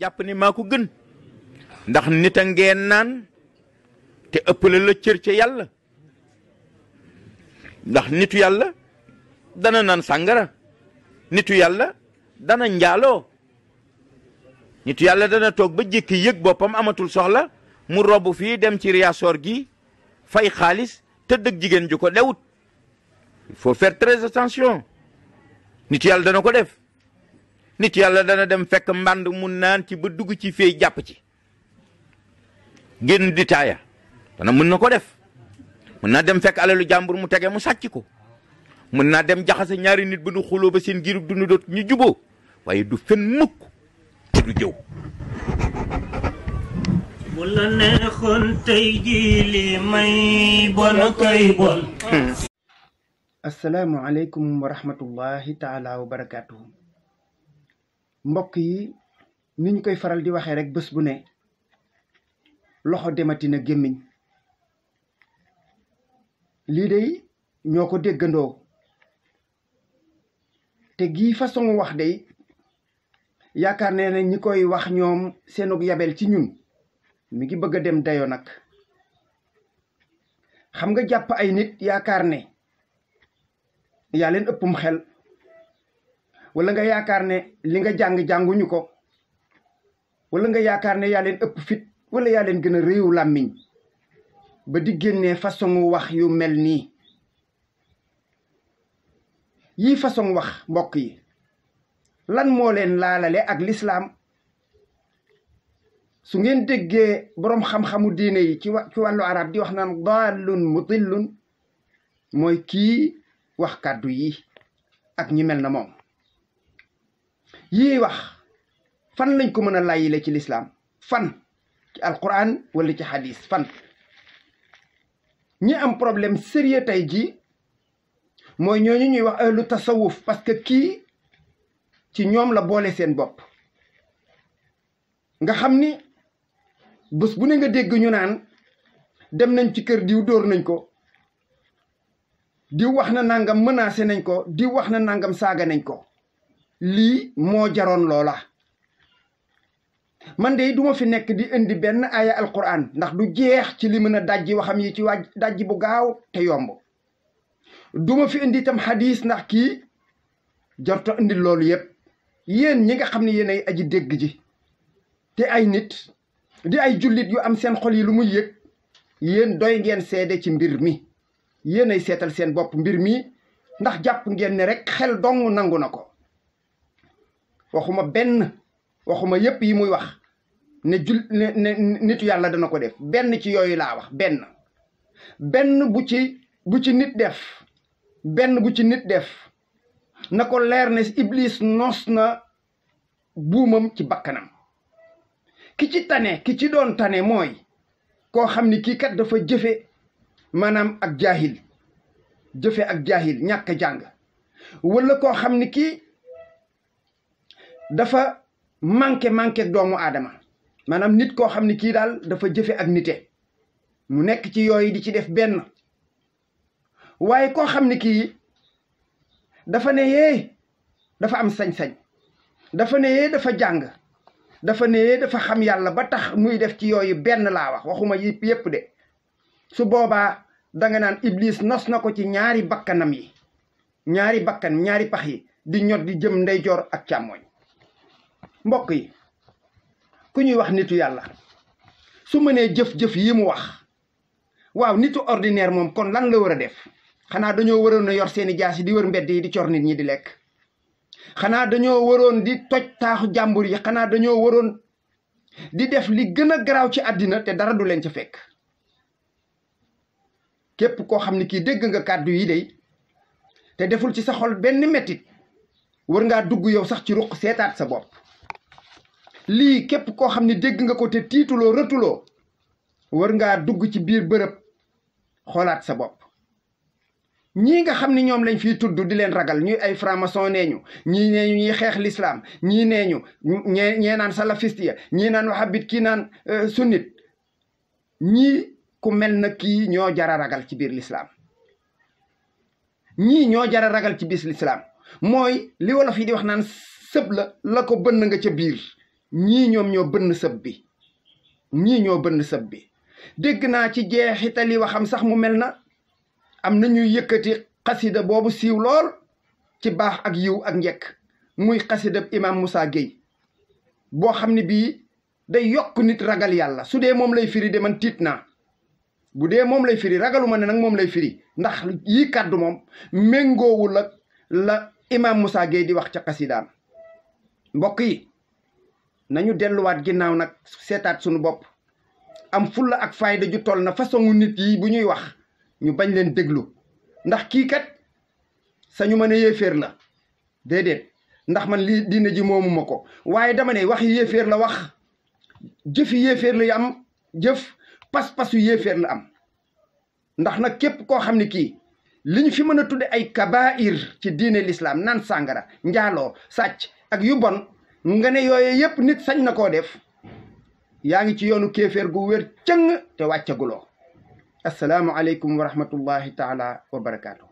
jàpp ni maa ko gën ndax nit a ngeen naan te ëppale la cër ca yàlla ndax nitu yàlla dana naan sàngara nitu yàlla dana njaaloo nitu yàlla dana toog ba jékki yëg boppam amatul soxla mu robb fii dem ci riyaasoor gi fay xaalis te dëgg jigéen ju ko dewut il faut faire très attention nitu yàlla dana ko def nit yàlla dana dem fekk mbànd mu naan ci ba dugg ci fee jàpp ci génn di taaya dana mën na ko def mën naa dem fekk alalu jàmbur mu tege mu sàcc ko mën naa dem jaxase ñaari nit ba nu xuloo ba seen giirub dund doot ñu juboo waaye du fen mukk du jëw bu la neexoon tey jii li may bon koy wa rahmatullahi mbokk yi ni ñu koy faral di waxee rek bés bu ne loxo dematina gémmiñ lii day ñoo ko déggandoo te gii façon wax day yaakaar ne ne ñi koy wax ñoom seenug yabel ci ñun mi ngi bëgg a dem dayoo nag xam nga jàpp ay nit yaakaar ne yaa leen ëppum xel wala nga yaakaar ne li nga jàng jànguñu ko wala nga yaakaar ne yaa ëpp fit wala yaa gën a réewu làmmiñ ba di génnee façon wax yu mel nii yii façon wax mbokk yi lan moo leen laalale ak lislaam su ngeen déggee boroom xam-xamu diine yi ci wàllu arab di wax naan daalun mudillun mooy kii wax kàddu yi ak ñi mel na moom yii wax fan lañ ko mën a layyile ci lislaam fan ci alxuraan walla ci hadis fan ñi am problème sérieux tey jii mooy ñooñu ñuy wax ahlu tasawuf parce que kii ci ñoom la boole seen bopp nga xam ni bés bu ne nga dégg ñu naan dem nañ ci kër diw dóor nañ ko diw wax na nangam menacé nañ ko diw wax na nangam saaga nañ ko lii moo jaroon loola man de duma fi nekk di indi benn aaya alquran ndax du jeex ci li mën a dajji waxam yi ci waaj dajji bu gaaw te yomb duma fi indi itam xadis ndax kii jarta indi loolu yépp yéen ñi nga xam ne yéen ay aji dégg ji te ay nit di ay jullit yu am seen xol yi lu muy yëg yéen doy ngeen seede ci mbir mi yéen ay seetal seen bopp mbir mi ndax jàpp ngeen ne rek xel dong nangu na ko waxuma benn waxuma yépp yi muy wax ne jul ne yàlla dana ko def benn ci yooyu laa wax benn benn bu ci bu ci nit def benn bu ci nit def na ko leer ne iblis noos na buumam ci bakkanam ki ci tane ki ci doon tane mooy koo xam ni kii kat dafa jëfe maanaam ak jaahil jëfe ak jaahil ñàkk jàng wala koo xam ni kii dafa manqué manqué doomu aadama maanaam nit koo xam ne kii daal dafa jëfe ak nite mu nekk ci yooyu di ci def benn waaye koo xam ne kii dafa ne yee dafa am sañ-sañ dafa ne dafa jàng dafa ne dafa xam yàlla ba tax muy def ci yooyu benn laa wax waxuma yi yépp de su boobaa danga naan iblis nos na ko ci ñaari bakkanam yi ñaari bakkan ñaari pax yi di ñor di jëm ndeyjoor ak càmmoñ mbokk yi ku ñuy wax nitu yàlla su mënee jëf-jëf yi mu wax waaw nitu ordinaire moom kon lan la war a def xanaa dañoo waroon a yor seeni jaas yi di wër mbedd yi di cor nit ñi di lekk xanaa dañoo waroon di toj taaxu jàmbur yi xanaa dañoo waroon di def li gën a garaaw ci àddina te dara du leen ca fekk képp koo xam ne kii dégg nga kàddu yi day te deful ci sa xol benn mettit war ngaa dugg yow sax ci ruq seetaat sa bopp lii képp koo xam ne dégg nga ko te tiituloo rëtuloo war ngaa dugg ci biir bërëb xoolaat sa bopp ñii nga xam ni ñoom lañ fi tudd di leen ragal ñuy ay franc-maçon nee ñu ñii nee ñu ñuy xeex lislaam ñii nee ñu ñee naan salafiste ya ñii naan wahabit kii naan euh, sunnit ñii ku mel na kii ñoo jara ragal ci biir lislaam ñii ñoo jara ragal ci biir lislaam mooy li wolof yi di wax naan sëb la la ko bënn nga ca biir ñii ñoom ñoo bënn sëb bi ñii ñoo bënn sëb bi dégg naa ci jeexitali waxam sax mu mel na am na ñuy yëkkati xasida boobu siiw lool ci baax ak yiw ak njekk muy xasida imam Moussa Gueye boo xam ne bii day yokk nit ragal yàlla su dee moom lay firi de man tiit naa bu dee moom lay firi ragaluma ne nag moom lay firi ndax yii kàddu moom méngoowul ak la imam Moussa Gueye di wax ca xasidaam mbokk yi nañu delluwaat ginnaaw nag seetaat suñu bopp am fulla ak fayda ju toll na façon nit yi bu ñuy wax ñu bañ leen déglu ndax kii kat sañu mën a yéeféer la déedéet ndax man li diine ji moomuma ko waaye dama ne waxi yéeféer la wax jëfi yéeféer la am jëf pas-pasu yéeféer la am ndax nag képp koo xam ne kii li ñu fi mën a tudde ay kabair ci diine l'islam naan sàngara njaaloo sàcc ak yu bon nga ne yooye yëpp nit sañ na koo def yaa ngi ci yoonu kéeféer gu wér cëng te wàccaguloo asalaamu aleykum wa rahmatullahi taala wa barakaatu.